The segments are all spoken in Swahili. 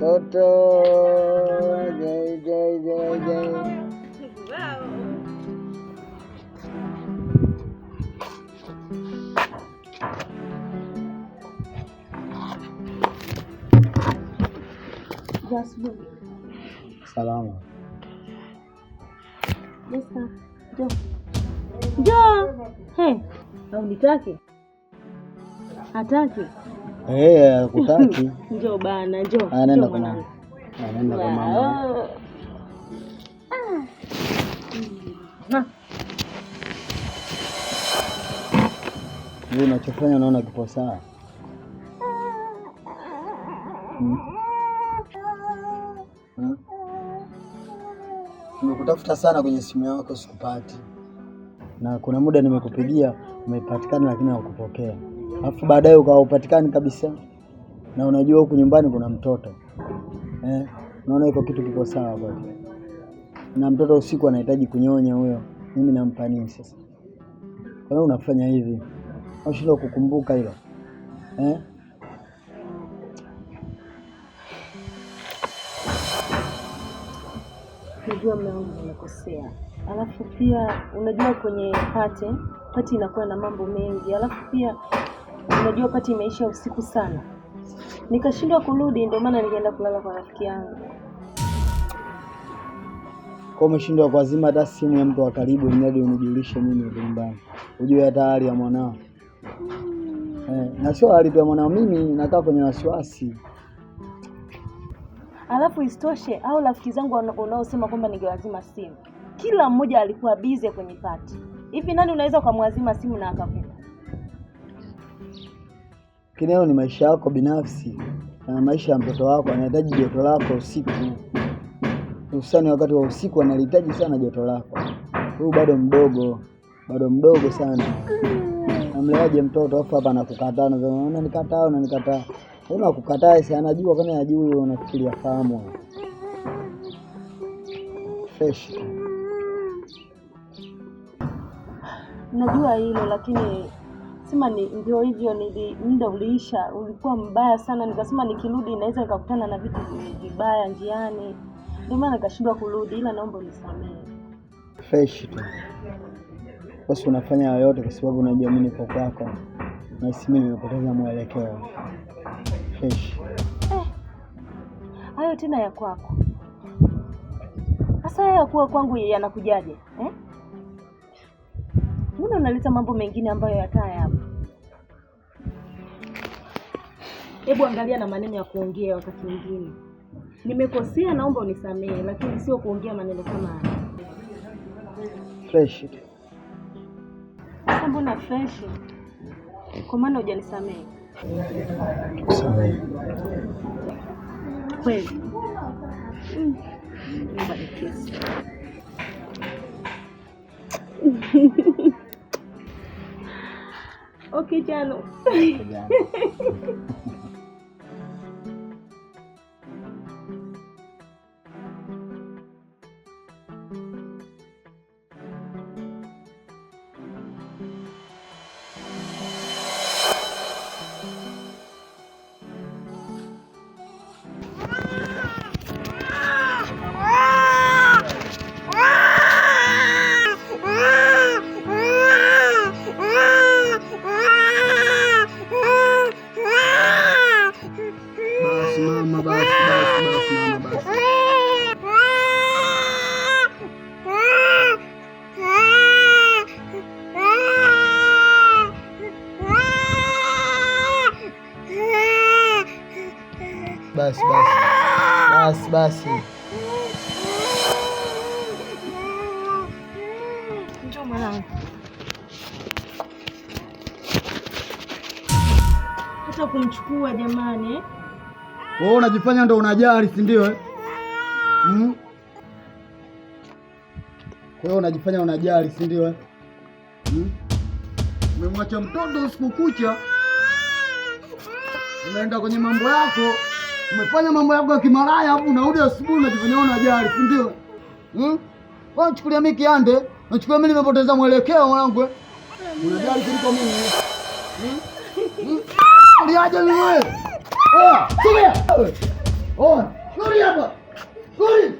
Toto, yo jei jei Wow. Salama. Jessica, jo. Jo. Hey, Eh, eh akutaki. Njoo bana, njoo. Anaenda ah, kwa nani? Anaenda ah, kwa mama. Wewe unachofanya naona kipo sawa. Hmm? Hmm? Nimekutafuta sana kwenye simu yako sikupati na kuna muda nimekupigia umepatikana, lakini hakupokea, alafu baadaye ukawa kabisa, na unajua huku nyumbani kuna mtoto eh, unaona iko kitu kiko sawa kwa na mtoto usiku anahitaji kunyonya huyo, mimi nampa nini sasa? Kwa nini unafanya hivi, unashindwa kukumbuka hilo eh? Najua mwanangu, nimekosea Alafu pia unajua kwenye pate pati inakuwa na mambo mengi, alafu pia unajua pati imeisha usiku sana, nikashindwa kurudi, ndio maana nikaenda kulala kwa rafiki yangu. Kwa umeshindwa kuazima hata simu ya mtu wa karibu, mradi unijulishe mimi nyumbani, ujue hata hali ya mwanao hmm. eh, na sio hali ya mwanao, mimi nakaa kwenye wasiwasi. Alafu isitoshe, au rafiki zangu wanaosema kwamba ningewazima simu kila mmoja alikuwa bize kwenye pati. Hivi nani unaweza ukamwazima simu na akakupa? Kineo ni maisha yako binafsi na maisha ya mtoto wako, anahitaji joto lako usiku, hususani wakati wa usiku analihitaji sana joto lako. Huyu bado mdogo, bado mdogo sana, namleaje mtoto afu hapa nakukataa? Nanikataa, nanikataa yaani una kukataa, si anajua kama anajua, unafikiria fahamu fresh najua hilo lakini sema ni ndio hivyo nili muda uliisha ulikuwa mbaya sana nikasema nikirudi naweza nikakutana na vitu vibaya njiani ndio maana nikashindwa kurudi ila naomba unisamehe fresh tu basi unafanya yoyote kwa sababu mimi niko kwako na si mimi nimepoteza mwelekeo fresh eh, hayo tena ya kwako hasa haya kuwa kwangu yanakujaje eh? mbona unaleta mambo mengine ambayo yakaa hapa? Hebu angalia na maneno ya kuongea wakati mwingine. Nimekosea, naomba unisamehe, lakini sio kuongea maneno kama haya. Fresh. Sasa mbona fresh? Kwa maana hujanisamehe. Kweli. Mm. Okay ya no. As basi hata kumchukua jamani. Eh? Wewe unajifanya ndo unajali, si ndio eh? Mm. Kwa hiyo unajifanya unajali, si ndio eh? Mm. Umemwacha mtoto usiku kucha, unaenda kwenye mambo yako Umefanya mambo yako ya kimalaya hapo unarudi asubuhi unajifanya unajali, si ndio? Hmm? Wewe chukulia mimi kiande, nachukulia mimi nimepoteza mwelekeo mwanangu. Unajali kuliko mimi. Hmm? hmm? Uliaje ni wewe? Oh, tumia. Oh, kuri hapa. Kuri.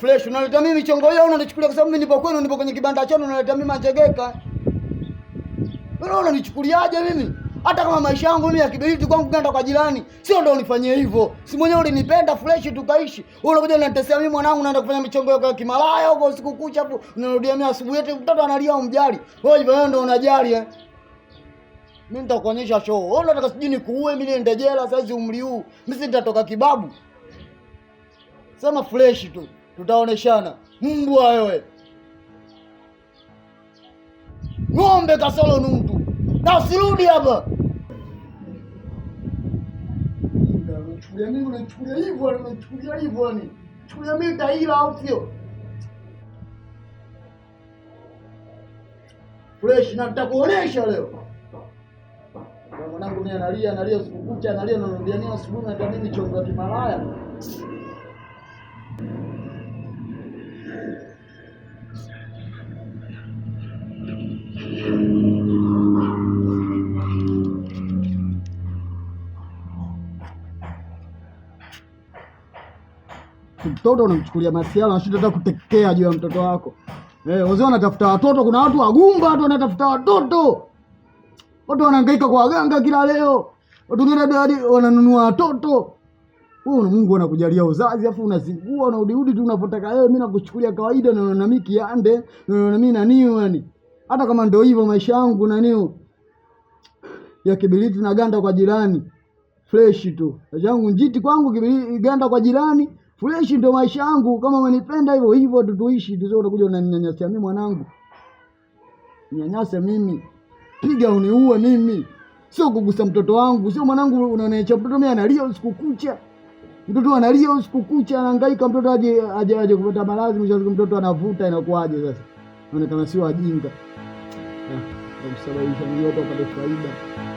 Fresh unaleta mimi michongo hiyo unanichukulia kwa sababu mimi nipo kwenu, nipo kwenye kibanda chenu unaleta mimi manjegeka. Wewe unanichukuliaje mimi? hata kama maisha yangu mimi ya kibiriti kwangu kenda kwa jirani, sio ndio unifanyie hivyo? Si mwenyewe ulinipenda fresh tukaishi, wewe unakuja unanitesea mimi mwanangu, naenda kufanya michongo ya kimalaya huko usiku kucha, hapo unarudia mimi asubuhi, eti mtoto analia umjali wewe? Hivyo wewe ndio unajali eh? Mimi nitakuonyesha show. Wewe unataka sijui nikuue mimi niende jela hizi umri huu, mimi si nitatoka kibabu. Sema fresh tu, tutaoneshana mbwa wewe ng'ombe kasolo numtu na usirudi hapa. Chukulia mimi unaichukulia hivyo, unaichukulia hivyo yani. Chukulia mimi taila au Fresh na nitakuonesha leo. Mwanangu mimi analia, analia usiku kucha, analia na ndio asubuhi na mimi chongo kimalaya. mtoto unamchukulia masiala, unashinda hata kutekea juu ya mtoto wako. Eh, wazee wanatafuta watoto, kuna watu wagumba, watu wanatafuta watoto, watu wanahangaika kwa waganga kila leo, watu wengine wananunua watoto. Wewe Mungu anakujalia uzazi afu unazingua na udiudi tu unapotaka wewe. Mimi nakuchukulia kawaida na na mimi kiande na mimi nani yani, hata kama ndio hivyo maisha yangu nani ya kibiliti na ganda kwa jirani fresh tu maisha yangu njiti kwangu kibiliti ganda kwa jirani uishi ndio maisha yangu, kama umenipenda hivyo hivyo tutuishi, tuzo utakuja unaninyanyasa mimi mwanangu. Nyanyasa mimi. Piga uniue mimi. Sio kugusa mtoto wangu, sio mwanangu Unaonyesha mtoto mimi analia usiku kucha. Mtoto analia usiku kucha anahangaika mtoto aje aje aje kupata malazi mwisho mtoto anavuta inakuwaje sasa? Inaonekana sio ajinga. Yeah, kumsababisha mtoto apate faida.